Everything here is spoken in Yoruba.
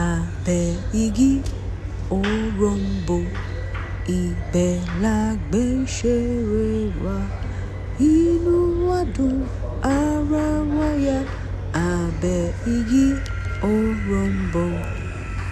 abẹ́ igi òrom̀bó ibẹ̀ la gbé ṣeré wa inú wa dùn ara wa yá abẹ́ igi òrom̀bó.